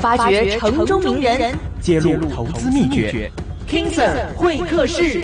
發掘城中名人，揭露投資秘訣，KingSir 會客室。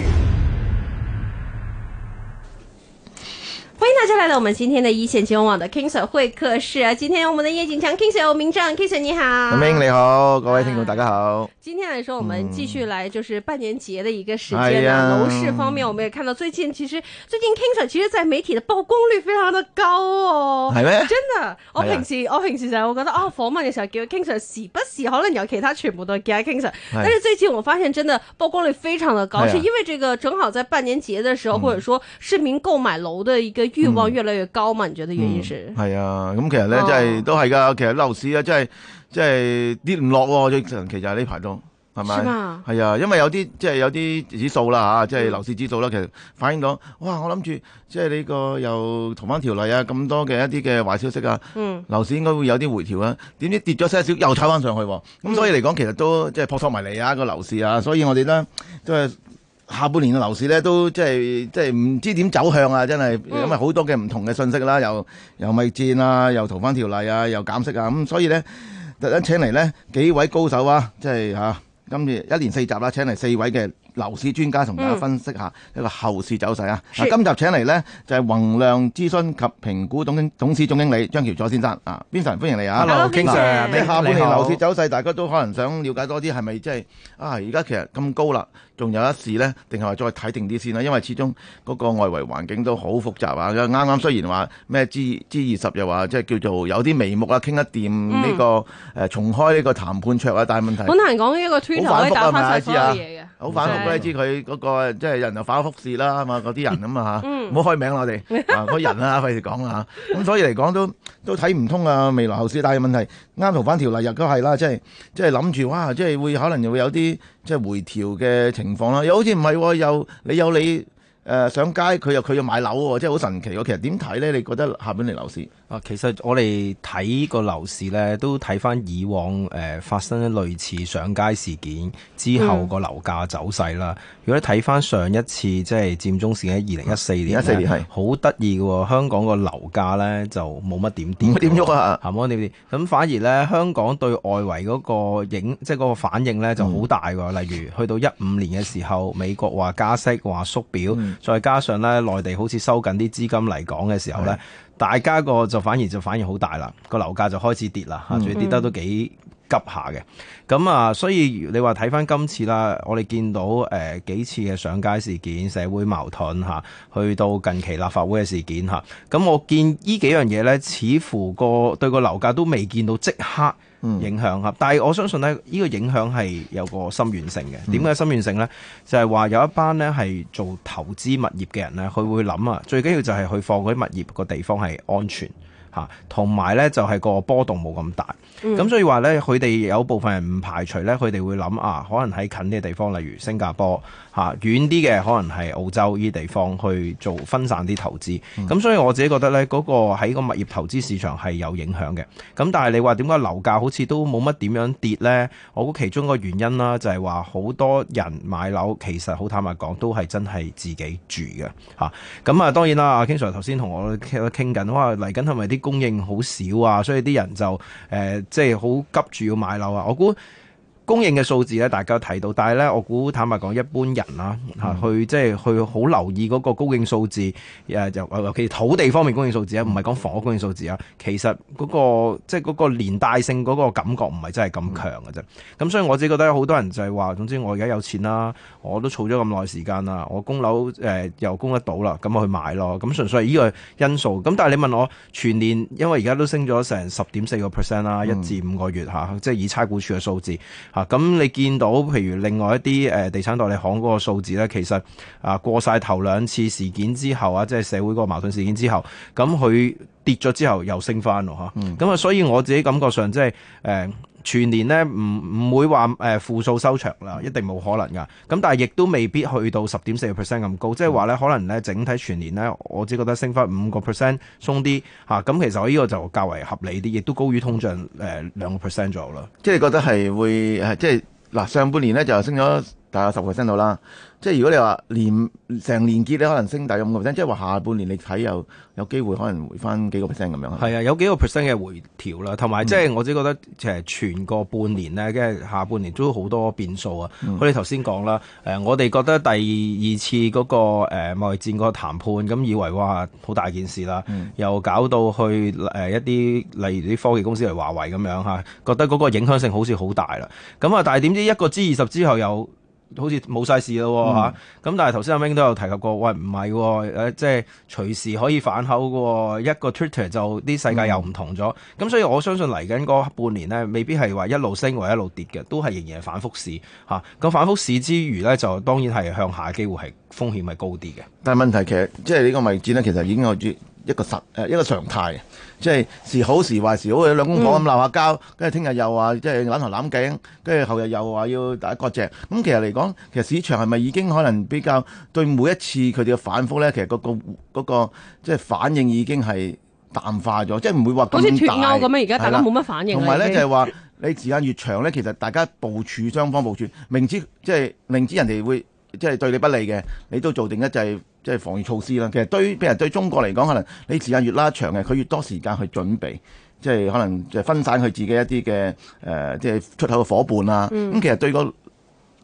嚟啦！來到我們今天的一線金融網的 King Sir 會客室，啊，今天我們的葉景強 King Sir、歐明正 King Sir 你好，明你好，各位聽眾大家好。啊、今天來說，我們繼續來就是半年節的一個時間啦。嗯、樓市方面，我們也看到最近其實最近 King Sir 其實在媒體的曝光，啊哎、光率非常的高，哦、哎呀。係咩？真的，我平時我平時就我覺得啊，訪問的時候叫 King Sir，時不時可能有其他全部都係叫 King Sir。跟住最近我發現真的曝光率非常的高，是因為這個正好在半年節的時候，嗯、或者說市民購買樓的一個欲望、嗯。越來越高嘛？你覺得原因、嗯是,啊嗯、是？係啊，咁其實咧，即係都係噶。其實樓市啊，即係即係跌唔落喎。最長期就呢排都，係咪、嗯？係啊，因為有啲即係有啲指數啦嚇，即係樓市指數啦。其實反映到哇，我諗住即係呢個又同翻條例啊，咁多嘅一啲嘅壞消息啊，樓、嗯、市應該會有啲回調啊，知點知跌咗些少又踩翻上去喎？咁所以嚟講，其實都即係撲朔迷離啊個樓市啊。所以我哋咧都係。下半年嘅樓市咧，都即係即係唔知點走向啊！真係咁啊，好多嘅唔同嘅信息啦，又又逆戰啊，又逃犯條例啊，又減息啊，咁、嗯、所以咧特登請嚟呢幾位高手啊，即係嚇今次一連四集啦、啊，請嚟四位嘅樓市專家同大家分析一下一個後市走勢啊！嗯、啊，今集請嚟呢，就係、是、泓亮諮詢及評估總經董事總經理張翹楚先生啊，邊位歡迎你啊？Hello，King Sir。下半年樓市走勢，大家都可能想了解多啲，係咪即係啊？而家其實咁高啦。啊啊仲有一事呢，定係再睇定啲先啦，因為始終嗰個外圍環境都好複雜啊！啱啱雖然話咩 G G20 又話，即係叫做有啲眉目啊，傾得掂呢個誒重開呢個談判桌啊，但係問題本嚟講一個 twitter 可以打翻曬所有嘢嘅，好反覆，你知佢嗰個即係人又反覆事啦嘛，嗰啲人啊嘛嚇，唔好開名我哋啊，嗰人啊費事講啊嚇，咁所以嚟講都都睇唔通啊未來後市，但係問題啱逃翻條例入都係啦，即係即係諗住哇，即係會可能又會有啲。即係回調嘅情況啦，又好似唔係喎，又你有你。誒上街佢又佢又買樓喎，即係好神奇喎。其實點睇呢？你覺得下半年樓市啊？其實我哋睇個樓市呢，都睇翻以往誒、呃、發生類似上街事件之後個樓價走勢啦。嗯、如果你睇翻上一次即係、就是、佔中事件，二零一四年，一四年係好得意嘅喎。是香港個樓價呢，就冇乜點點，冇點喐啊，冇點點。咁反而呢，香港對外圍嗰個影，即係嗰個反應呢就好大喎。嗯、例如去到一五年嘅時候，美國話加息話縮表。說 說說再加上咧，內地好似收緊啲資金嚟講嘅時候咧，的大家個就反而就反而好大啦，個樓價就開始跌啦嚇，仲要跌得都幾急下嘅。咁啊、嗯，所以你話睇翻今次啦，我哋見到誒、呃、幾次嘅上街事件、社會矛盾嚇，去到近期立法會嘅事件嚇，咁我見呢幾樣嘢咧，似乎個對個樓價都未見到即刻影響嚇，但係我相信咧，依個影響係有個心願性嘅。點解心願性呢？就係話有一班咧，係做投資物業嘅人咧，佢會諗啊，最緊要就係去放嗰啲物業個地方係安全，同埋呢就係個波動冇咁大，咁所以話呢，佢哋有部分人唔排除呢，佢哋會諗啊，可能喺近啲嘅地方，例如新加坡嚇、啊，遠啲嘅可能係澳洲呢啲地方去做分散啲投資。咁、嗯、所以我自己覺得呢，嗰、那個喺個物業投資市場係有影響嘅。咁但係你話點解樓價好似都冇乜點樣跌呢？我估其中個原因啦，就係話好多人買樓其實好坦白講都係真係自己住嘅嚇。咁啊當然啦，阿 King Sir 頭先同我傾緊哇嚟緊係咪啲？供應好少啊，所以啲人就誒、呃，即係好急住要買樓啊！我估。供應嘅數字咧，大家提到，但係咧，我估坦白講，一般人啦，嚇、啊，去即係去好留意嗰個供應數字，誒、啊、就尤其土地方面供應數字啊，唔係講房屋供應數字啊。其實嗰、那個即係嗰個連帶性嗰個感覺唔係真係咁強嘅啫。咁、嗯、所以我只覺得好多人就係話，總之我而家有錢啦，我都儲咗咁耐時間啦，我供樓誒、呃、又供得到啦，咁我去買咯。咁純粹係呢個因素。咁但係你問我全年，因為而家都升咗成十點四個 percent 啦，一至五個月嚇、啊，即係以差估處嘅數字。啊，咁你見到譬如另外一啲誒地產代理行嗰個數字咧，其實啊過晒頭兩次事件之後啊，即係社會嗰個矛盾事件之後，咁佢跌咗之後又升翻咯嚇。咁啊、嗯，所以我自己感覺上即係誒。呃全年咧唔唔會話誒負數收場啦，一定冇可能㗎。咁但係亦都未必去到十點四個 percent 咁高，即係話咧可能咧整體全年咧，我只覺得升翻五個 percent 鬆啲嚇。咁其實我呢個就較為合理啲，亦都高於通脹誒兩個 percent 左右啦。即係你覺得係會誒，即係嗱上半年咧就升咗。係啊，十個 percent 到啦。即係如果你話連成年結，你可能升大咗五個 percent。即係話下半年你睇又有機會可能回翻幾個 percent 咁樣。係啊，有幾個 percent 嘅回調啦。同埋即係我只覺得其實，全個半年咧，即係下半年都好多變數啊。佢哋頭先講啦，誒，我哋覺得第二次嗰個貿易戰個談判咁，以為哇好大件事啦，又搞到去誒一啲例如啲科技公司嚟華為咁樣嚇，覺得嗰個影響性好似好大啦。咁啊，但係點知一個 G20 之後又～好似冇晒事咯嚇，咁、嗯啊、但係頭先阿 wing 都有提及過，喂唔係，誒、啊、即係隨時可以反口嘅，一個 Twitter 就啲世界又唔同咗。咁、嗯啊、所以我相信嚟緊嗰半年咧，未必係話一路升或一路跌嘅，都係仍然係反覆市嚇。咁、啊、反覆市之餘咧，就當然係向下嘅機會係風險係高啲嘅。但係問題其實即係呢個位置咧，其實已經有一個常誒一個常態即係時好時壞，時好兩公婆咁鬧下交，跟住聽日又話即係攬頭攬頸，跟住後日又話要大家割席。咁其實嚟講，其實市場係咪已經可能比較對每一次佢哋嘅反覆咧，其實、嗰個、嗰個嗰、嗰個即係反應已經係淡化咗，即係唔會話好似脫鈎咁啊！而家大家冇乜的反應同埋咧就係、是、話你時間越長咧，其實大家部署，雙方部署，明知即係明知人哋會。即係對你不利嘅，你都做定一陣即係防禦措施啦。其實對，譬如對中國嚟講，可能你時間越拉長嘅，佢越多時間去準備，即係可能就分散佢自己一啲嘅誒，即係出口嘅伙伴啦。咁，嗯，其實對個。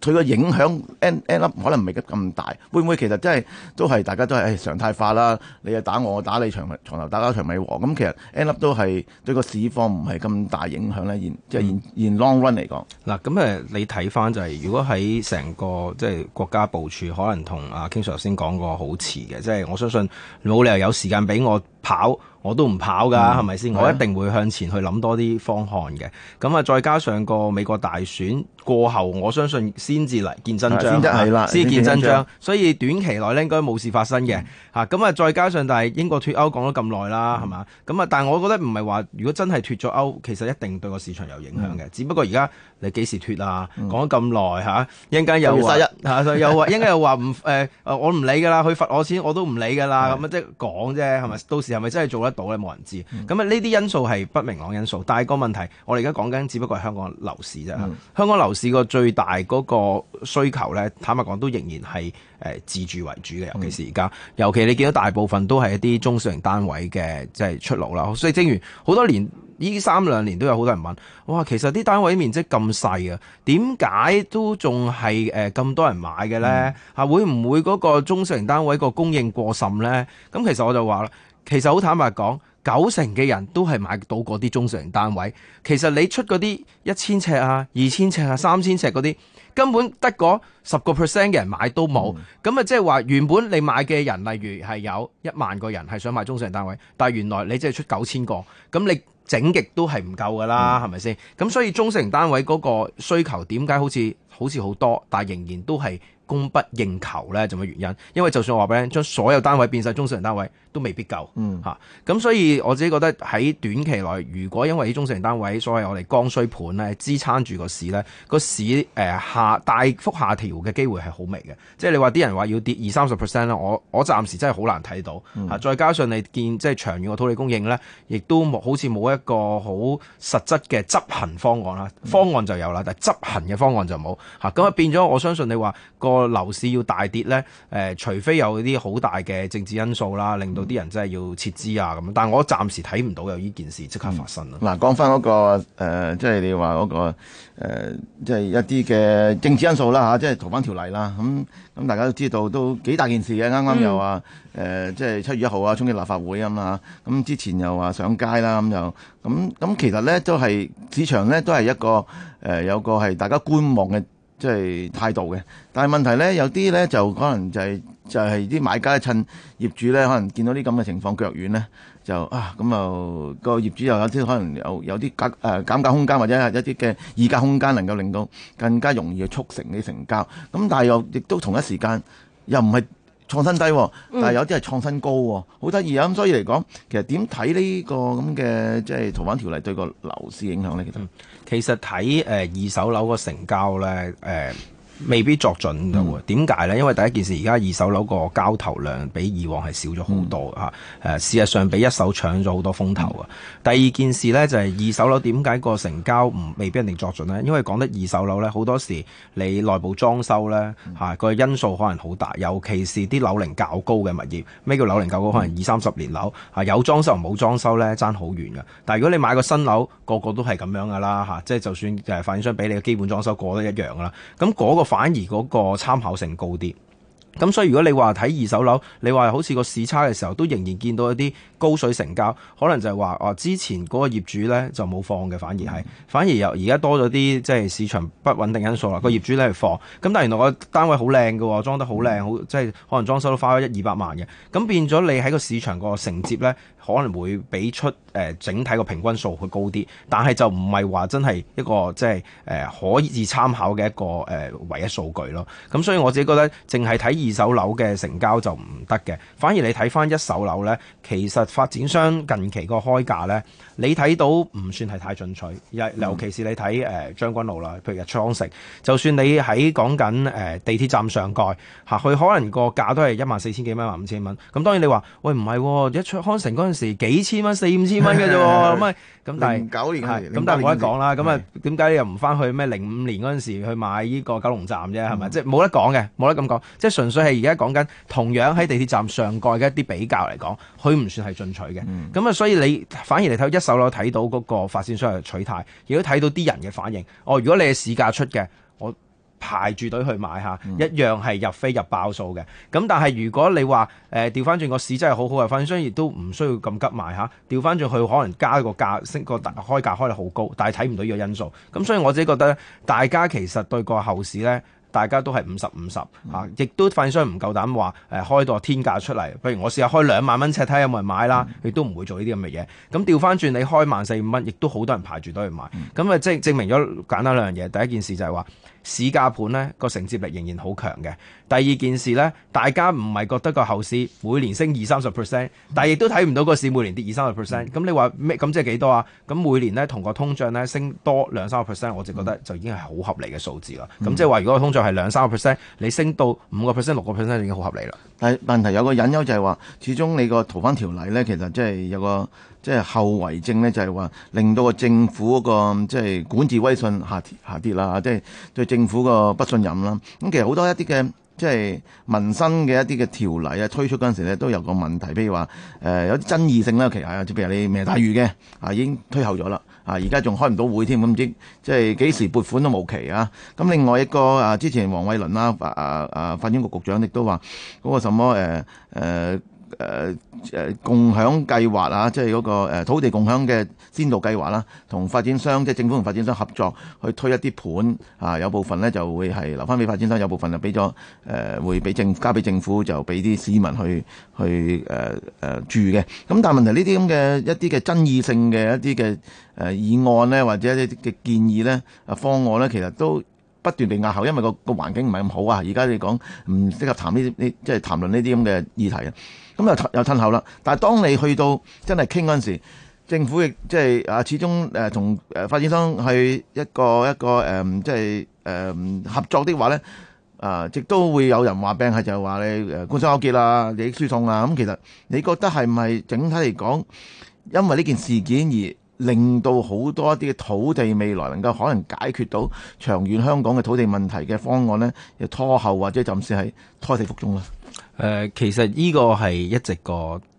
佢個影響 end up 可能唔係咁大，會唔會其實真、就、係、是、都係大家都係、哎、常態化啦？你又打我，我打你，床頭打交床尾和，咁其實 end up 都係對個市況唔係咁大影響咧。現即係現 long run 嚟講，嗱咁誒，你睇翻就係、是、如果喺成個即係國家部署，可能同阿 King Sir 頭先講過好似嘅，即、就、係、是、我相信冇理由有時間俾我。跑我都唔跑噶，係咪先？我一定會向前去諗多啲方案嘅。咁啊，再加上個美國大選過後，我相信先至嚟見真章。先得見真章。所以短期內咧，應該冇事發生嘅。嚇咁啊，再加上但係英國脱歐講咗咁耐啦，係嘛？咁啊，但係我覺得唔係話，如果真係脱咗歐，其實一定對個市場有影響嘅。只不過而家你幾時脱啊？講咗咁耐嚇，一陣間又十一又話一間又話唔誒我唔理㗎啦，佢罰我錢我都唔理㗎啦。咁啊，即係講啫，係咪到時？係咪真係做得到咧？冇人知。咁啊，呢啲因素係不明朗因素。但係個問題，我哋而家講緊，只不過係香港樓市啫。嗯、香港樓市個最大嗰個需求咧，坦白講都仍然係誒自住為主嘅，尤其是而家。尤其你見到大部分都係一啲中小型單位嘅，即係出爐啦。所以正如好多年，呢三兩年都有好多人問：哇，其實啲單位面積咁細呀，點解都仲係誒咁多人買嘅咧？嚇、嗯，會唔會嗰個中小型單位個供應過滲咧？咁其實我就話啦。其實好坦白講，九成嘅人都係買到嗰啲中上型單位。其實你出嗰啲一千尺啊、二千尺啊、三千尺嗰啲，根本得嗰十個 percent 嘅人買都冇。咁啊、嗯，即係話原本你買嘅人，例如係有一萬個人係想買中上型單位，但係原來你即係出九千個，咁你，整極都係唔夠㗎啦，係咪先？咁所以中小型單位嗰個需求點解好似好似好多，但仍然都係供不應求呢？仲有原因，因為就算我話俾你聽，將所有單位變晒，中小型單位都未必夠。嗯，嚇咁、啊、所以我自己覺得喺短期內，如果因為啲中小型單位所謂我哋剛需盤呢，支撐住個市呢，個市誒、呃、下大幅下調嘅機會係好微嘅。即係你話啲人話要跌二三十 percent 咧，我我暫時真係好難睇到嚇、啊。再加上你見即係長遠嘅土地供應呢，亦都冇好似冇一。一個好實質嘅執行方案啦，嗯嗯方案就有啦，但係執行嘅方案就冇嚇，咁啊變咗我相信你話個樓市要大跌咧，誒、呃，除非有啲好大嘅政治因素啦，令到啲人真係要撤資啊咁，但我暫時睇唔到有呢件事即刻發生啊！嗱、嗯嗯，講翻嗰個、呃、即係你話嗰、那個、呃、即係一啲嘅政治因素啦嚇、啊，即係逃犯條例啦，咁咁大家都知道都幾大件事嘅，啱啱又話誒、嗯呃，即係七月一號啊，衝擊立法會咁嘛。咁之前又話上街啦，咁就。咁咁、嗯嗯、其實咧都係市場咧都係一個誒、呃、有個係大家觀望嘅即係態度嘅，但係問題咧有啲咧就可能就係、是、就係、是、啲買家趁業主咧可能見到啲咁嘅情況腳軟咧，就啊咁就個業主又有啲可能有有啲減誒減價空間或者係一啲嘅議價空間能夠令到更加容易去促成你成交，咁、嗯、但係又亦都同一時間又唔係。創新低喎，但係有啲係創新高喎，好得意啊！咁所以嚟講，其實點睇呢個咁嘅即係逃犯條例對個樓市影響咧？嗯、其實其實睇誒二手樓個成交咧誒。呃未必作準嘅喎，點解呢？因為第一件事，而家二手樓個交投量比以往係少咗好多嚇，誒、嗯啊、事實上比一手搶咗好多風頭啊。嗯、第二件事呢，就係、是、二手樓點解個成交唔未必一定作準呢？因為講得二手樓呢，好多時你內部裝修呢，嚇、啊、個因素可能好大，尤其是啲樓齡較高嘅物業，咩叫樓齡較高？可能二三十年樓嚇、啊、有裝修同冇裝修呢，爭好遠㗎。但係如果你買個新樓，個個都係咁樣㗎啦嚇，即係就算誒發展商俾你個基本裝修過得一樣㗎啦，咁嗰、那個反而嗰個參考性高啲，咁所以如果你話睇二手樓，你話好似個市差嘅時候，都仍然見到一啲高水成交，可能就係話哦，之前嗰個業主咧就冇放嘅，反而係反而又而家多咗啲即係市場不穩定因素啦。個業主咧去放，咁但係原來個單位好靚嘅，裝得好靚，好即係可能裝修都花咗一二百萬嘅，咁變咗你喺個市場個承接咧。可能會俾出誒整體個平均數會高啲，但係就唔係話真係一個即係誒可以參考嘅一個誒、呃、唯一數據咯。咁、嗯、所以我自己覺得，淨係睇二手樓嘅成交就唔得嘅，反而你睇翻一手樓咧，其實發展商近期個開價咧，你睇到唔算係太進取，尤其是你睇誒將軍路啦，譬如日出康城，就算你喺講緊誒地鐵站上蓋嚇，佢可能個價都係一萬四千幾蚊，萬五千蚊。咁、嗯、當然你話喂唔係、啊，日出康城嗰時幾千蚊四五千蚊嘅啫喎，咁啊咁但係是九年係咁，是但係冇得講啦。咁啊年，點解你又唔翻去咩零五年嗰陣時去買呢個九龍站啫？係咪、嗯、即係冇得講嘅，冇得咁講。即係純粹係而家講緊同樣喺地鐵站上蓋嘅一啲比較嚟講，佢唔算係進取嘅。咁啊、嗯，所以你反而嚟睇一手樓，睇到嗰個發展商係取態，亦都睇到啲人嘅反應。哦，如果你係市價出嘅，我。排住隊去買嚇，一樣係入飛入爆數嘅。咁但係如果你、呃、話誒調翻轉個市真係好好嘅，發展商亦都唔需要咁急買嚇。調翻轉去可能加個價升個開價開得好高，但係睇唔到呢個因素。咁所以我自己覺得咧，大家其實對個後市咧，大家都係五十五十嚇，亦都發展商唔夠膽話誒開到天價出嚟。譬如我試下開兩萬蚊尺，睇下有冇人買啦，亦都唔會做呢啲咁嘅嘢。咁調翻轉你開萬四五蚊，亦都好多人排住隊去買。咁啊，即係證明咗簡單兩樣嘢。第一件事就係話，市價盤咧，個承接力仍然好強嘅。第二件事咧，大家唔係覺得個後市每年升二三十 percent，但係亦都睇唔到個市每年跌二三十 percent。咁、嗯、你話咩？咁即係幾多啊？咁每年咧同個通脹咧升多兩三個 percent，我就覺得就已經係好合理嘅數字啦。咁、嗯、即係話，如果個通脹係兩三個 percent，你升到五個 percent、六個 percent 已經好合理啦。嗯、但係問題有個隱憂就係話，始終你個逃犯條例咧，其實即係有個。即係後遺症咧，就係話令到個政府嗰個即係管治威信下跌下跌啦，即係對政府個不信任啦。咁其實好多一啲嘅即係民生嘅一啲嘅條例啊，推出嗰陣時咧都有個問題，譬如話誒有啲爭議性啦，其實即係譬如你明日大嶼嘅啊，已經推後咗啦，啊而家仲開唔到會添，咁唔知即係幾時撥款都冇期啊。咁另外一個啊，之前黃偉綸啦啊啊啊，發展局局長亦都話嗰個什麼誒誒。啊啊啊啊誒誒共享計劃啊，即係嗰個土地共享嘅先導計劃啦，同發展商即係政府同發展商合作去推一啲盤啊，有部分咧就會係留翻俾發展商，有部分就俾咗誒會俾政交俾政府，就俾啲市民去去誒誒、呃、住嘅。咁但係問題呢啲咁嘅一啲嘅爭議性嘅一啲嘅誒議案咧，或者一啲嘅建議咧啊方案咧，其實都不斷被壓後，因為個個環境唔係咁好啊。而家你講唔適合談呢啲呢，即係談論呢啲咁嘅議題啊。咁、嗯、又又褪後啦，但係當你去到真係傾嗰陣時，政府亦即係啊，始終誒同誒發展商去一個一個誒、呃，即係誒、呃、合作的話咧，啊、呃，亦都會有人話病係就係、是、話你誒官商勾結啊、利益輸送啊。咁、嗯、其實你覺得係唔係整體嚟講，因為呢件事件而令到好多一啲土地未來能夠可能解決到長遠香港嘅土地問題嘅方案咧，又拖後或者甚至係胎死腹中啦？誒、呃，其實呢個係一直個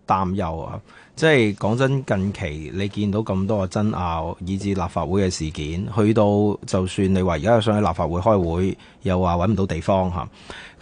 擔憂啊！即係講真，近期你見到咁多嘅爭拗，以至立法會嘅事件，去到就算你話而家又想去立法會開會，又話搵唔到地方吓。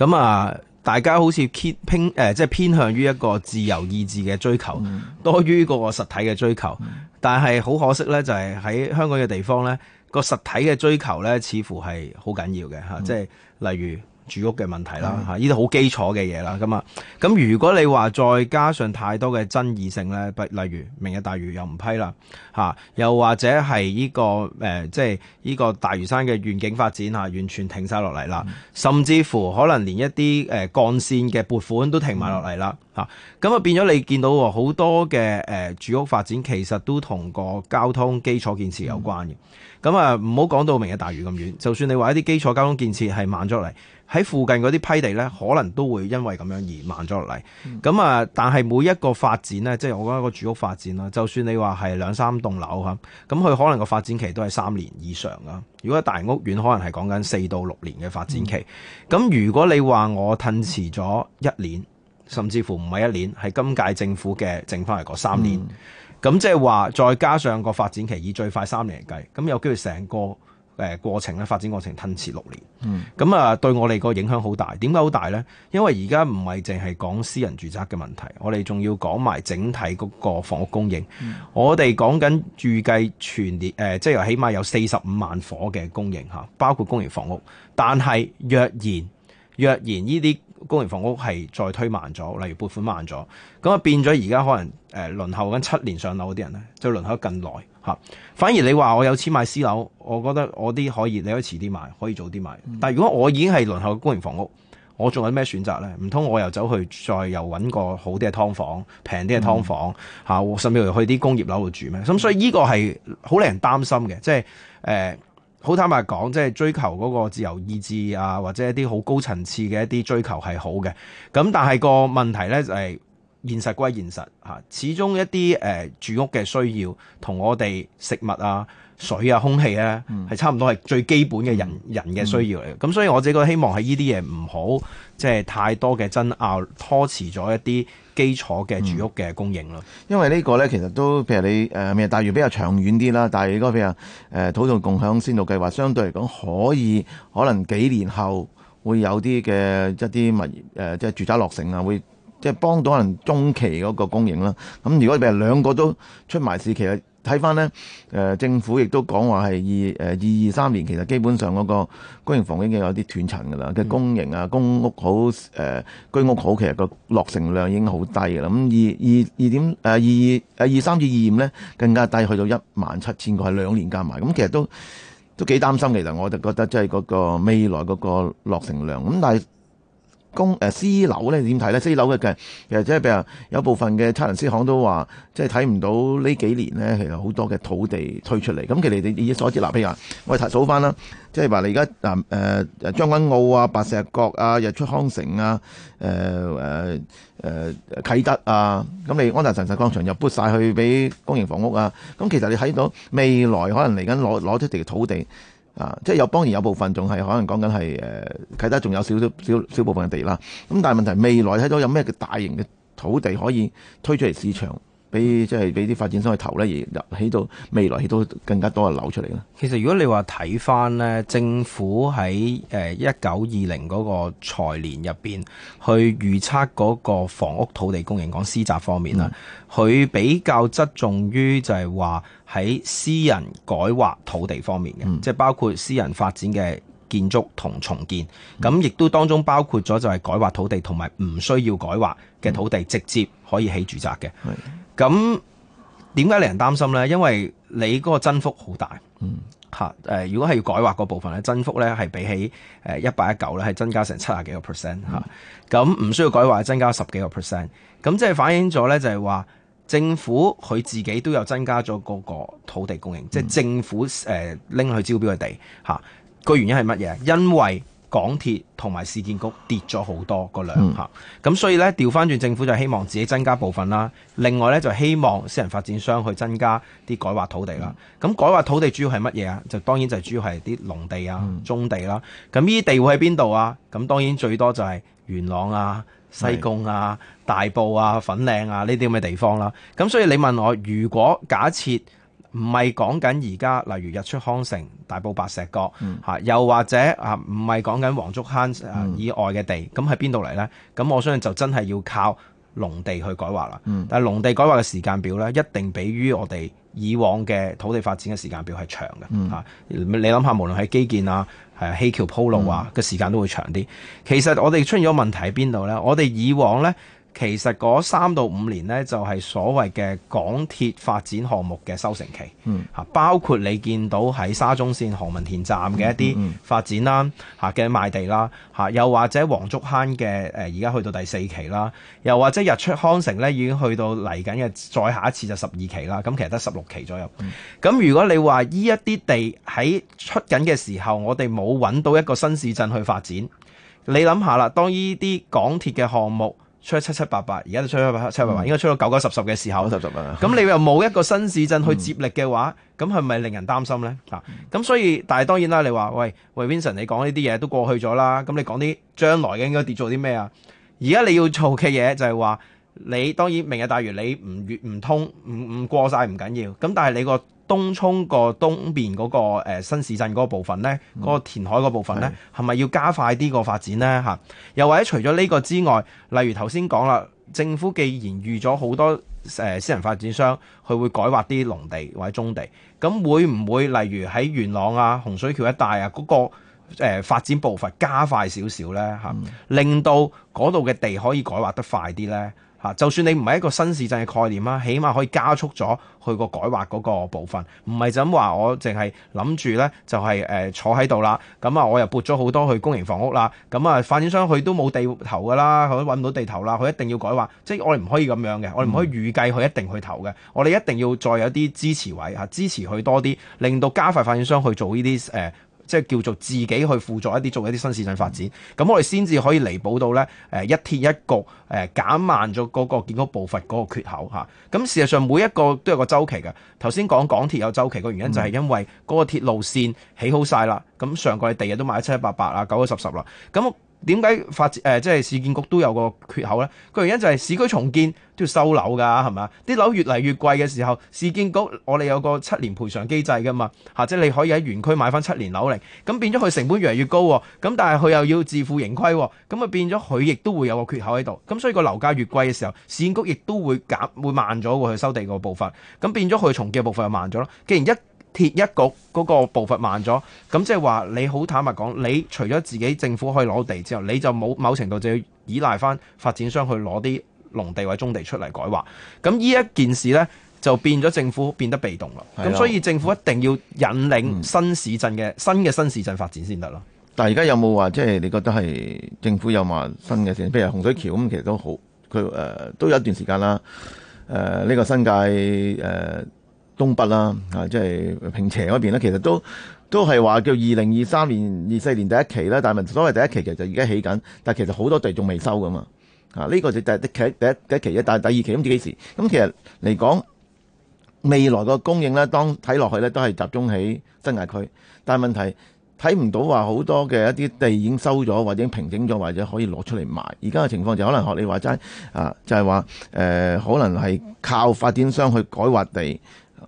咁啊，大家好似偏誒，即係偏向於一個自由意志嘅追求，多於個實體嘅追求。但係好可惜咧，就係、是、喺香港嘅地方咧，個實體嘅追求咧，似乎係好緊要嘅吓、啊。即係例如。住屋嘅問題啦，嚇！呢啲好基礎嘅嘢啦，咁啊，咁如果你話再加上太多嘅爭議性咧，不例如明日大嶼又唔批啦，嚇，又或者係呢、這個誒、呃，即係呢個大嶼山嘅願景發展嚇，完全停晒落嚟啦，甚至乎可能連一啲誒幹線嘅撥款都停埋落嚟啦，嚇、嗯！咁啊，變咗你見到好多嘅誒住屋發展其實都同個交通基礎建設有關嘅，咁啊、嗯，唔好講到明日大嶼咁遠，就算你話一啲基礎交通建設係慢咗落嚟。喺附近嗰啲批地呢，可能都會因為咁樣而慢咗落嚟。咁啊、嗯，但係每一個發展呢，即係我講一個住屋發展啦。就算你話係兩三棟樓嚇，咁佢可能個發展期都係三年以上啊。如果大型屋苑可能係講緊四到六年嘅發展期。咁、嗯、如果你話我褪遲咗一年，甚至乎唔係一年，係今屆政府嘅剩翻嚟嗰三年，咁、嗯、即係話再加上個發展期以最快三年嚟計，咁有機會成個。誒、呃、過程咧發展過程，吞遲六年，咁啊、嗯、對我哋個影響好大。點解好大咧？因為而家唔係淨係講私人住宅嘅問題，我哋仲要講埋整體嗰個房屋供應。嗯、我哋講緊預計全年誒、呃，即係起碼有四十五萬伙嘅供應嚇，包括公營房屋。但係若然若然呢啲。公營房屋係再推慢咗，例如撥款慢咗，咁啊變咗而家可能誒輪候緊七年上樓啲人咧，就輪候得更耐嚇。反而你話我有錢買私樓，我覺得我啲可以，你可以遲啲買，可以早啲買。但係如果我已經係輪候公營房屋，我仲有咩選擇咧？唔通我又走去再又揾個好啲嘅劏房，平啲嘅劏房嚇，甚至乎去啲工業樓度住咩？咁所以呢個係好令人擔心嘅，即係誒。呃好坦白講，即係追求嗰個自由意志啊，或者一啲好高層次嘅一啲追求係好嘅。咁但係個問題咧就係、是、現實歸現實嚇，始終一啲誒、呃、住屋嘅需要同我哋食物啊、水啊、空氣咧、啊，係差唔多係最基本嘅人、嗯、人嘅需要嚟嘅。咁、嗯、所以我自己個希望係呢啲嘢唔好即係太多嘅爭拗，拖遲咗一啲。基礎嘅住屋嘅供應咯、嗯，因為呢個咧其實都譬如你誒，呃、如大嶼比較長遠啲啦，但係嗰譬如誒土地共享先導計劃，相對嚟講可以可能幾年後會有啲嘅一啲物業誒，即係住宅落成啊，會即係幫到可能中期嗰個供應啦。咁、嗯、如果譬如兩個都出埋市其實～睇翻咧，誒、呃、政府亦都講話係二誒二二三年，其實基本上嗰個公營房已經有啲斷層㗎啦。其實、嗯、公營啊、公屋好誒、呃、居屋好，其實個落成量已經好低㗎啦。咁二二二點誒二二誒二三至二五咧，更加低，去到一萬七千個，係兩年加埋。咁、嗯、其實都都幾擔心，其實我哋覺得即係嗰個未來嗰個落成量咁、嗯，但係。公誒私樓咧點睇咧？私樓嘅嘅其實即係譬如有部分嘅測量師行都話，即係睇唔到呢幾年咧，其實好多嘅土地推出嚟。咁其實你哋你所知，例如話，我哋睇數翻啦，即係話你而家嗱誒將軍澳啊、白石角啊、日出康城啊、誒誒誒啟德啊，咁你安達臣石礦場又撥晒去俾公營房屋啊。咁其實你睇到未來可能嚟緊攞攞出地嘅土地。啊！即係有當然有部分仲係可能講緊係誒，其他仲有少少少少部分嘅地啦。咁但係問題，未來睇到有咩嘅大型嘅土地可以推出嚟市場？俾即係俾啲發展商去投咧，而入起到未來起到更加多嘅樓出嚟啦。其實如果你話睇翻咧，政府喺誒一九二零嗰個財年入邊去預測嗰個房屋土地供應，講私宅方面啦，佢比較側重於就係話喺私人改劃土地方面嘅，即係、嗯、包括私人發展嘅建築同重建。咁亦、嗯、都當中包括咗就係改劃土地同埋唔需要改劃嘅土地，直接可以起住宅嘅。咁點解令人擔心咧？因為你嗰個增幅好大，嗯吓，誒，如果係要改劃嗰部分咧，增幅咧係比起誒一八一九咧係增加成七十幾個 percent 吓，咁唔、嗯啊、需要改劃增加十幾個 percent，咁即係反映咗咧就係話政府佢自己都有增加咗嗰個土地供應，嗯、即係政府誒拎、呃、去招標嘅地吓。個、啊、原因係乜嘢？因為港鐵同埋市建局跌咗好多個量嚇，咁、嗯、所以咧調翻轉政府就希望自己增加部分啦，另外咧就希望私人發展商去增加啲改劃土地啦。咁、嗯、改劃土地主要係乜嘢啊？就當然就係主要係啲農地啊、棕、嗯、地啦。咁呢啲地會喺邊度啊？咁當然最多就係元朗啊、西貢啊、大埔啊、粉嶺啊呢啲咁嘅地方啦。咁是所以你問我，如果假設唔係講緊而家，例如日出康城、大埔白石角嚇，嗯、又或者啊，唔係講緊黃竹坑啊以外嘅地，咁喺邊度嚟咧？咁我相信就真係要靠農地去改劃啦。嗯、但係農地改劃嘅時間表咧，一定比於我哋以往嘅土地發展嘅時間表係長嘅嚇、嗯啊。你諗下，無論係基建啊、起橋鋪路啊，嘅、嗯、時間都會長啲。其實我哋出現咗問題喺邊度咧？我哋以往咧。其實嗰三到五年咧，就係、是、所謂嘅港鐵發展項目嘅收成期嚇，嗯、包括你見到喺沙中線何文田站嘅一啲發展啦嚇嘅賣地啦嚇，嗯嗯、又或者黃竹坑嘅誒，而、呃、家去到第四期啦，又或者日出康城咧已經去到嚟緊嘅，再下一次就十二期啦。咁其實得十六期左右。咁、嗯、如果你話依一啲地喺出緊嘅時候，我哋冇揾到一個新市鎮去發展，你諗下啦，當呢啲港鐵嘅項目。出七七八八，而家都出七七七八八，應該出到九九十十嘅時候十十啦。咁、嗯、你又冇一個新市鎮去接力嘅話，咁係咪令人擔心咧？啊、嗯，咁所以，但係當然啦，你話喂喂 Vincent 你講呢啲嘢都過去咗啦，咁你講啲將來嘅應該跌做啲咩啊？而家你要做嘅嘢就係話。你當然明日大嶼，你唔越唔通唔唔過晒唔緊要。咁但係你個東涌個東邊嗰、那個、呃、新市鎮嗰部分呢，嗰、嗯、個填海嗰部分呢，係咪是要加快啲個發展呢？嚇！又或者除咗呢個之外，例如頭先講啦，政府既然預咗好多誒、呃、私人發展商，佢會改劃啲農地或者棕地，咁會唔會例如喺元朗啊、洪水橋一帶啊嗰個誒發展步伐加快少少呢？嚇、嗯！令到嗰度嘅地可以改劃得快啲呢？嚇，就算你唔係一個新市鎮嘅概念啦，起碼可以加速咗佢個改劃嗰個部分。唔係就咁話，我淨係諗住咧，就係誒坐喺度啦。咁啊，我又撥咗好多去公營房屋啦。咁啊，發展商佢都冇地頭噶啦，佢都揾唔到地頭啦，佢一定要改劃。即係我哋唔可以咁樣嘅，我哋唔可以預計佢一定去投嘅。我哋一定要再有啲支持位嚇，支持佢多啲，令到加快發展商去做呢啲誒。呃即係叫做自己去輔助一啲，做一啲新市鎮發展，咁、嗯、我哋先至可以彌補到咧，誒一鐵一局，誒、呃、減慢咗嗰個建築步伐嗰個缺口嚇。咁、啊、事實上每一個都有個周期嘅，頭先講港鐵有周期個原因就係因為嗰個鐵路線起好晒啦，咁、啊、上個禮地日都賣七七八八啊，九九十十啦，咁、啊。啊點解發展即係市建局都有個缺口咧？個原因就係市區重建都要收樓㗎，係咪？啲樓越嚟越貴嘅時候，市建局我哋有個七年賠償機制㗎嘛，嚇！即係你可以喺原區買翻七年樓嚟，咁變咗佢成本越嚟越高，咁但係佢又要自負盈虧，咁咪變咗佢亦都會有個缺口喺度。咁所以個樓價越貴嘅時候，市建局亦都會減會慢咗喎，去收地個步伐，咁變咗佢重建步伐又慢咗咯。既然一鐵一局嗰個步伐慢咗，咁即係話你好坦白講，你除咗自己政府可以攞地之後，你就冇某程度就要依賴返發展商去攞啲農地或者棕地出嚟改劃。咁依一件事呢，就變咗政府變得被動咯。咁所以政府一定要引領新市鎮嘅新嘅新市鎮發展先得咯。但係而家有冇話即係你覺得係政府有埋新嘅成，譬如洪水橋咁，其實都好佢誒、呃、都有一段時間啦。誒、呃、呢、這個新界誒。呃東北啦、啊，嚇、啊，即、就、係、是、平斜嗰邊咧、啊，其實都都係話叫二零二三年、二四年第一期啦、啊。但係問題，所謂第一期其實而家起緊，但係其實好多地仲未收㗎嘛。嚇、啊，呢、這個就第一，第，一第一期第一第一期啫，但係第二期都唔知幾時。咁、啊、其實嚟講，未來個供應咧、啊，當睇落去咧，都係集中喺新界區。但係問題睇唔到話好多嘅一啲地已經收咗，或者已經平整咗，或者可以攞出嚟賣。而家嘅情況就可能學你話齋啊，就係話誒，可能係靠發展商去改劃地。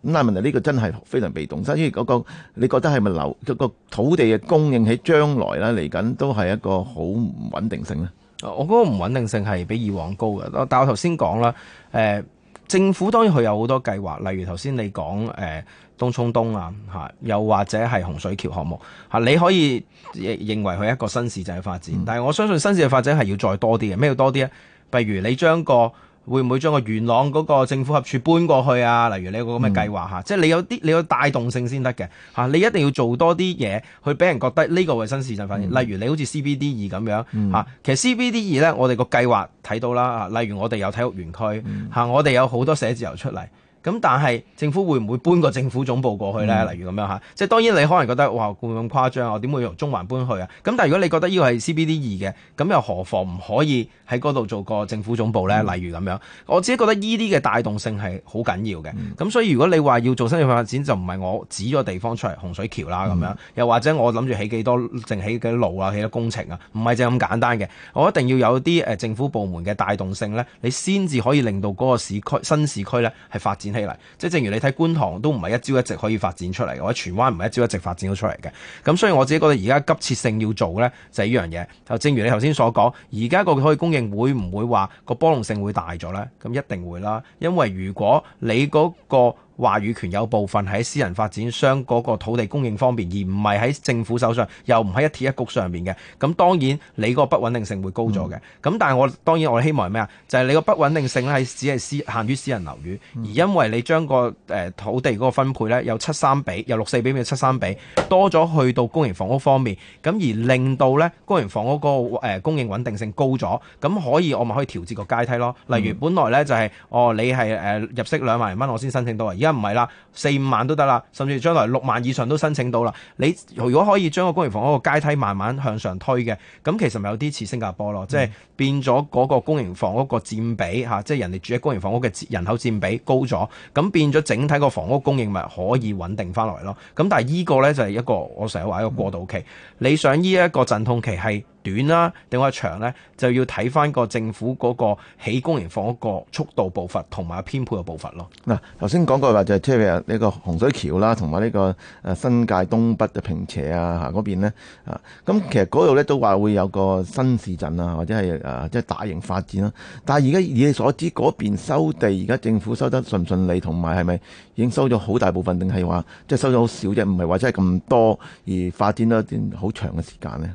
咁啊，問題呢個真係非常被動，所以嗰、那個你覺得係咪留個土地嘅供應喺將來咧嚟緊都係一個好唔穩定性咧？我覺得唔穩定性係比以往高嘅。但係我頭先講啦，誒、呃、政府當然佢有好多計劃，例如頭先你講誒、呃、東涌東啊，嚇，又或者係洪水橋項目嚇、啊，你可以認為佢係一個新市鎮嘅發展。嗯、但係我相信新市鎮嘅發展係要再多啲嘅。咩要多啲啊？譬如你將個會唔會將個元朗嗰個政府合署搬過去啊？例如你有咁嘅計劃吓，嗯、即係你有啲，你有帶動性先得嘅。嚇、啊，你一定要做多啲嘢去俾人覺得呢個係新市鎮發展。嗯、例如你好似 C B D 二咁樣嚇、啊，其實 C B D 二咧，我哋個計劃睇到啦嚇、啊。例如我哋有體育園區嚇，我哋有好多寫字樓出嚟。咁但係政府會唔會搬個政府總部過去咧？嗯、例如咁樣吓，即係當然你可能覺得哇，咁誇張我點會由中環搬去啊？咁但係如果你覺得呢個係 C B D 二嘅，咁又何妨唔可以喺嗰度做個政府總部咧？嗯、例如咁樣，我自己覺得依啲嘅帶動性係好緊要嘅。咁、嗯、所以如果你話要做新嘅發展，就唔係我指咗地方出嚟，洪水橋啦咁樣、嗯、又或者我諗住起幾多淨起幾多路啊，起多工程啊，唔係就咁簡單嘅。我一定要有啲誒政府部門嘅帶動性咧，你先至可以令到嗰個市區新市區咧係發展。即係正如你睇觀塘都唔係一朝一夕可以發展出嚟嘅，或者荃灣唔係一朝一夕發展到出嚟嘅。咁所以我自己覺得而家急切性要做呢，就係依樣嘢。就正如你頭先所講，而家個可以供應會唔會話個波動性會大咗呢？咁一定會啦，因為如果你嗰個話語權有部分喺私人發展商嗰個土地供應方面，而唔係喺政府手上，又唔係一鐵一局上面嘅。咁當然你個不穩定性會高咗嘅。咁、嗯、但係我當然我希望係咩啊？就係、是、你個不穩定性咧只係私限於私人樓宇，而因為你將個誒土地嗰個分配咧有七三比，有六四比變七三比，多咗去到公營房屋方面，咁而令到咧公營房屋嗰個誒供應穩定性高咗，咁可以我咪可以調節個階梯咯。例如本來咧就係、是、哦，你係誒入息兩萬零蚊我先申請到啊。而家唔係啦，四五萬都得啦，甚至將來六萬以上都申請到啦。你如果可以將個公營房屋個階梯慢慢向上推嘅，咁其實咪有啲似新加坡咯、嗯，即係變咗嗰個公營房屋個佔比吓，即係人哋住喺公營房屋嘅人口佔比高咗，咁變咗整體個房屋供應咪可以穩定翻落嚟咯。咁但係呢個咧就係一個我成日話一個過渡期，嗯、你想呢一個陣痛期係？短啦，定話長咧？就要睇翻個政府嗰個起公營房屋個速度步伐，同埋編配嘅步伐咯。嗱，頭先講過話就係，即係譬如呢個洪水橋啦，同埋呢個誒新界東北嘅坪輋啊，吓嗰邊咧啊。咁其實嗰度咧都話會有個新市鎮啊，或者係誒即係大型發展啦。但係而家以你所知，嗰邊收地而家政府收得順唔順利，同埋係咪已經收咗好大部分，定係話即係收咗好少啫？唔係話真係咁多而發展咗一段好長嘅時間咧。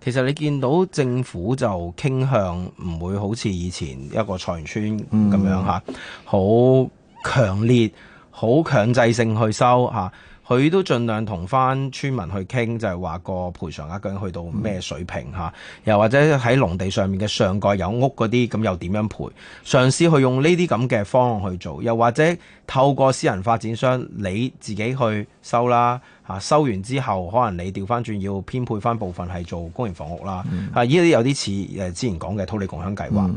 其實你見到政府就傾向唔會好似以前一個菜園村咁樣嚇，好、嗯、強烈、好強制性去收嚇。佢都盡量同翻村民去傾，就係、是、話個賠償額究竟去到咩水平嚇，嗯、又或者喺農地上面嘅上蓋有屋嗰啲，咁又點樣賠？嘗試去用呢啲咁嘅方案去做，又或者透過私人發展商你自己去收啦嚇，收完之後可能你調翻轉要編配翻部分係做公營房屋啦，啊、嗯，呢啲有啲似誒之前講嘅土地共享計劃，咁、嗯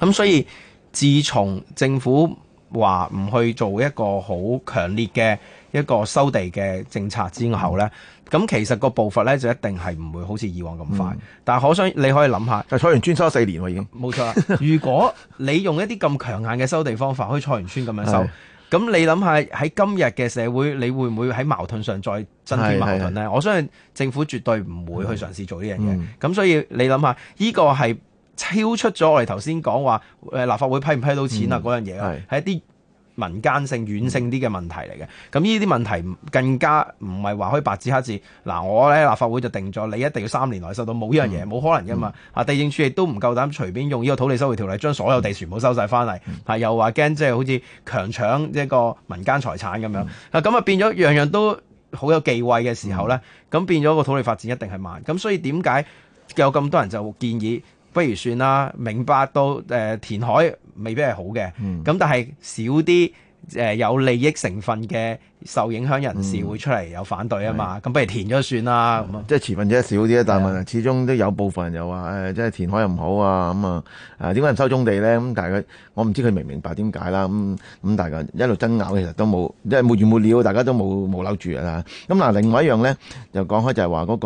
嗯、所以自從政府話唔去做一個好強烈嘅一個收地嘅政策之後呢，咁、嗯、其實個步伐呢就一定係唔會好似以往咁快。嗯、但係我想你可以諗下，就菜園村收四年喎已經。冇錯， 如果你用一啲咁強硬嘅收地方法，好似菜園村咁樣收，咁是你諗下喺今日嘅社會，你會唔會喺矛盾上再增添矛盾呢？我相信政府絕對唔會去嘗試做呢樣嘢。咁、嗯嗯、所以你諗下，呢、這個係。超出咗我哋頭先講話，誒立法會批唔批到錢啊嗰、嗯、樣嘢，係一啲民間性軟性啲嘅問題嚟嘅。咁呢啲問題更加唔係話可以白紙黑字。嗱我咧立法會就定咗，你一定要三年內收到冇呢樣嘢，冇、嗯、可能噶嘛。啊地政處亦都唔夠膽隨便用《呢個土地收回條例》將所有地全部收晒翻嚟，係、嗯、又話驚即係好似強搶一個民間財產咁樣。啊咁啊變咗樣樣都好有忌諱嘅時候咧，咁、嗯嗯、變咗個土地發展一定係慢。咁所以點解有咁多人就建議？不如算啦，明白到誒、呃、填海未必係好嘅，咁、嗯、但係少啲誒、呃、有利益成分嘅。受影響人士會出嚟有反對啊嘛，咁不如填咗算啦咁啊！即係持份者少啲啊，但係始終都有部分人又話誒，即係填海又唔好啊咁啊！啊點解唔收棕地咧？咁但係佢我唔知佢明唔明白點解啦？咁咁，但係大家一路爭拗其實都冇即係冇完沒了，大家都冇冇留住啦。咁嗱，另外一樣咧就講開就係話嗰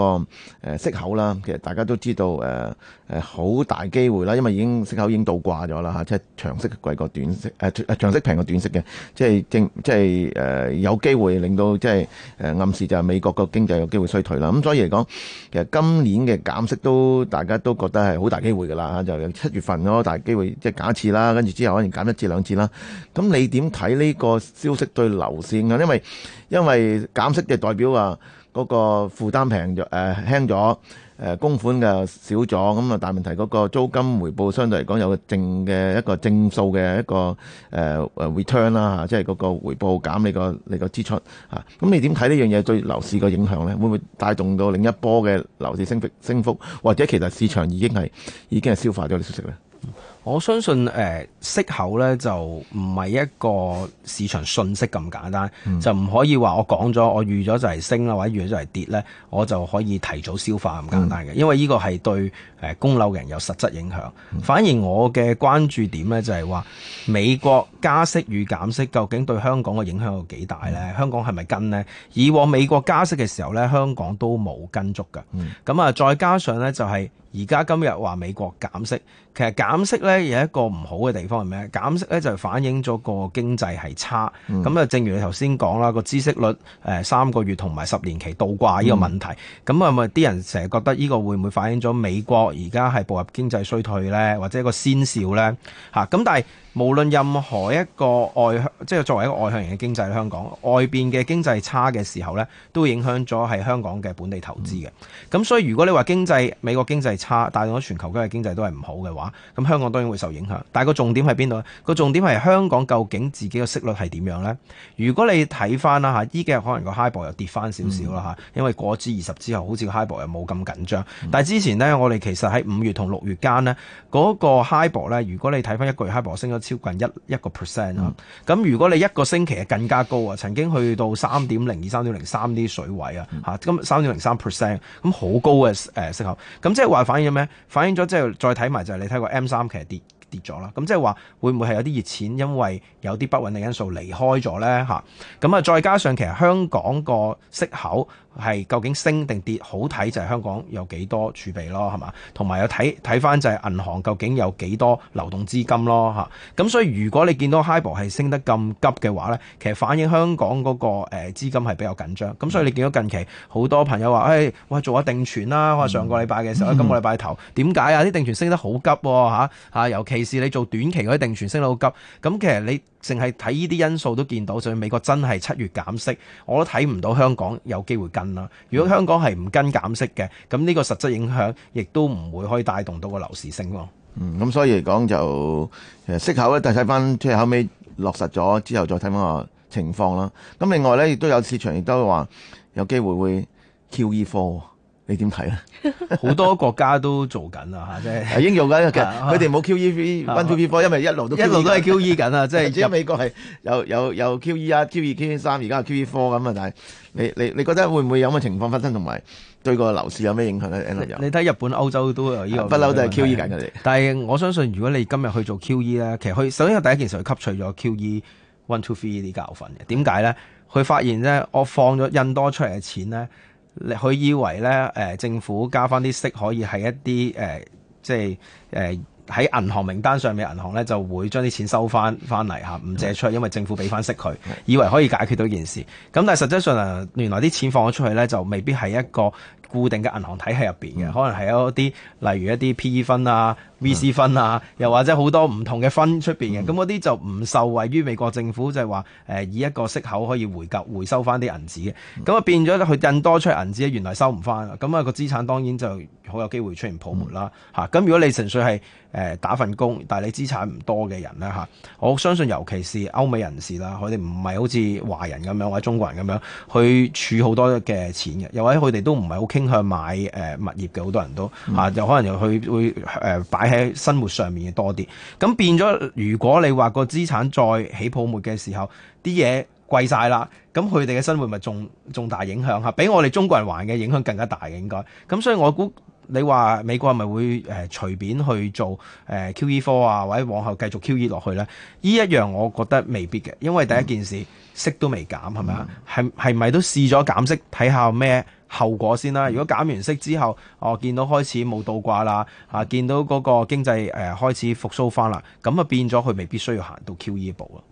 個息口啦。其實大家都知道誒誒好大機會啦，因為已經息口已經倒掛咗啦嚇，即係長息貴過短息誒長息平過短息嘅，即係正即係誒有。機會令到即係誒暗示就係美國個經濟有機會衰退啦，咁所以嚟講，其實今年嘅減息都大家都覺得係好大機會㗎啦，就七月份嗰個大機會即係假設啦，跟住之後可能減一至兩次啦。咁你點睇呢個消息對流線啊？因為因為減息就代表啊。嗰個負擔平咗，誒、呃、輕咗，誒、呃、供款嘅少咗，咁、呃、啊大問題嗰個租金回報相對嚟講有個正嘅一個正數嘅一個誒誒 return 啦，即係嗰個回報減你個你個支出嚇，咁、啊、你點睇呢樣嘢對樓市個影響咧？會唔會帶動到另一波嘅樓市升幅升幅？或者其實市場已經係已經係消化咗你消息咧？我相信誒息口咧就唔係一個市場訊息咁簡單，嗯、就唔可以話我講咗我預咗就係升啦，或者預咗就係跌咧，我就可以提早消化咁簡單嘅。嗯、因為呢個係對誒供樓嘅人有實質影響。嗯、反而我嘅關注點咧就係話美國加息與減息究竟對香港嘅影響有幾大咧？嗯、香港係咪跟咧？以往美國加息嘅時候咧，香港都冇跟足㗎。咁啊、嗯嗯，再加上咧就係、是。而家今日話美國減息，其實減息咧有一個唔好嘅地方係咩咧？減息咧就是、反映咗個經濟係差，咁啊、嗯、正如你頭先講啦，個孳息率誒三個月同埋十年期倒掛呢個問題，咁係咪啲人成日覺得呢個會唔會反映咗美國而家係步入經濟衰退咧，或者一個先兆咧？嚇咁但係。無論任何一個外即係作為一個外向型嘅經濟香港，外邊嘅經濟差嘅時候咧，都會影響咗係香港嘅本地投資嘅。咁、嗯、所以如果你話經濟美國經濟差，帶動咗全球經濟經濟都係唔好嘅話，咁香港當然會受影響。但係個重點係邊度咧？個重點係香港究竟自己嘅息率係點樣呢？如果你睇翻啦嚇，依幾日可能個 HIBOR 又跌翻少少啦嚇，嗯、因為過咗 G20 之後，好似個 HIBOR 又冇咁緊張。嗯、但係之前呢，我哋其實喺五月同六月間呢嗰、嗰個 HIBOR 咧，如果你睇翻一,一個月 HIBOR 升咗。超近一一個 percent 啊！咁、嗯、如果你一個星期更加高啊，曾經去到三點零二、三點零三啲水位啊，嚇咁三點零三 percent 咁好高嘅誒息口。咁即係話反映咗咩？反映咗即係再睇埋就係你睇過 M 三其實跌跌咗啦。咁即係話會唔會係有啲熱錢因為有啲不穩定因素離開咗咧嚇？咁啊再加上其實香港個息口，係究竟升定跌，好睇就係香港有幾多儲備咯，係嘛？同埋有睇睇翻就係銀行究竟有幾多流動資金咯，嚇。咁所以如果你見到 high 博係升得咁急嘅話咧，其實反映香港嗰個誒資金係比較緊張。咁所以你見到近期好多朋友話，誒、哎，我做下定存啦、啊！我上個禮拜嘅時候，今個禮拜頭點解啊？啲定存升得好急喎、啊，嚇尤其是你做短期嗰啲定存升得好急。咁其實你。淨係睇呢啲因素都見到，就美國真係七月減息，我都睇唔到香港有機會跟啦。如果香港係唔跟減息嘅，咁呢個實質影響亦都唔會可以帶動到個樓市升。嗯，咁所以嚟講就誒息口咧，但係睇翻即係後尾落實咗之後再睇翻個情況啦。咁另外咧亦都有市場亦都話有機會會 QE four。你點睇咧？好 多國家都做緊啦吓，即係英國咧，佢哋冇 Q E t one two three four。因為一路都一路都係 Q E 緊啦，e, 即係美國係有有有 Q E 一、Q E two、Q E 三，而家係 Q E four 咁啊！但係你你你覺得會唔會有咁嘅情況發生，同埋對個樓市有咩影響咧？你睇日本、歐洲都有呢個不嬲、啊、都係 Q E 緊嘅。但係我相信如果你今日去做 Q E 咧， 其實佢首先第一件事係吸取咗 Q E one two three 呢啲教訓嘅。點解咧？佢發現咧，我放咗印多出嚟嘅錢咧。佢以為咧，誒、呃、政府加翻啲息可以係一啲誒、呃，即係誒喺銀行名單上面，銀行咧就會將啲錢收翻翻嚟嚇，唔借出去，因為政府俾翻息佢，以為可以解決到件事。咁但係實際上啊，原來啲錢放咗出去咧，就未必係一個固定嘅銀行體系入邊嘅，嗯、可能係一啲例如一啲 PE fund 啊、VC fund 啊，嗯、又或者好多唔同嘅 fund 出邊嘅，咁嗰啲就唔受惠於美國政府，就係話誒以一個息口可以回回收翻啲銀紙嘅，咁啊、嗯、變咗佢印多出銀紙原來收唔翻，咁、那、啊個資產當然就好有機會出現泡沫啦嚇。咁、嗯、如果你純粹係誒、呃、打份工，但係你資產唔多嘅人咧嚇、啊，我相信尤其是歐美人士啦，佢哋唔係好似華人咁樣或者中國人咁樣去儲好多嘅錢嘅，又或者佢哋都唔係好去買誒物業嘅，好多人都、嗯、啊，就可能又去會誒擺喺生活上面嘅多啲，咁變咗如果你話個資產再起泡沫嘅時候，啲嘢貴晒啦，咁佢哋嘅生活咪重重大影響吓，俾我哋中國人還嘅影響更加大嘅應該，咁所以我估你話美國係咪會誒隨便去做誒 Q E 科啊，或者往後繼續 Q E 落去咧？呢一樣我覺得未必嘅，因為第一件事、嗯、息都未減，係咪啊？係，係咪都試咗減息睇下咩？看看後果先啦。如果減完息之後，哦見到開始冇倒掛啦，啊見到嗰個經濟誒、呃、開始復甦翻啦，咁啊變咗佢未必需要行到 QE 步啦。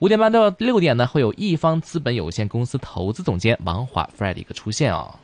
五點半到六點呢，會有一方資本有限公司投資總監王華 Fred 的一個出現啊、哦。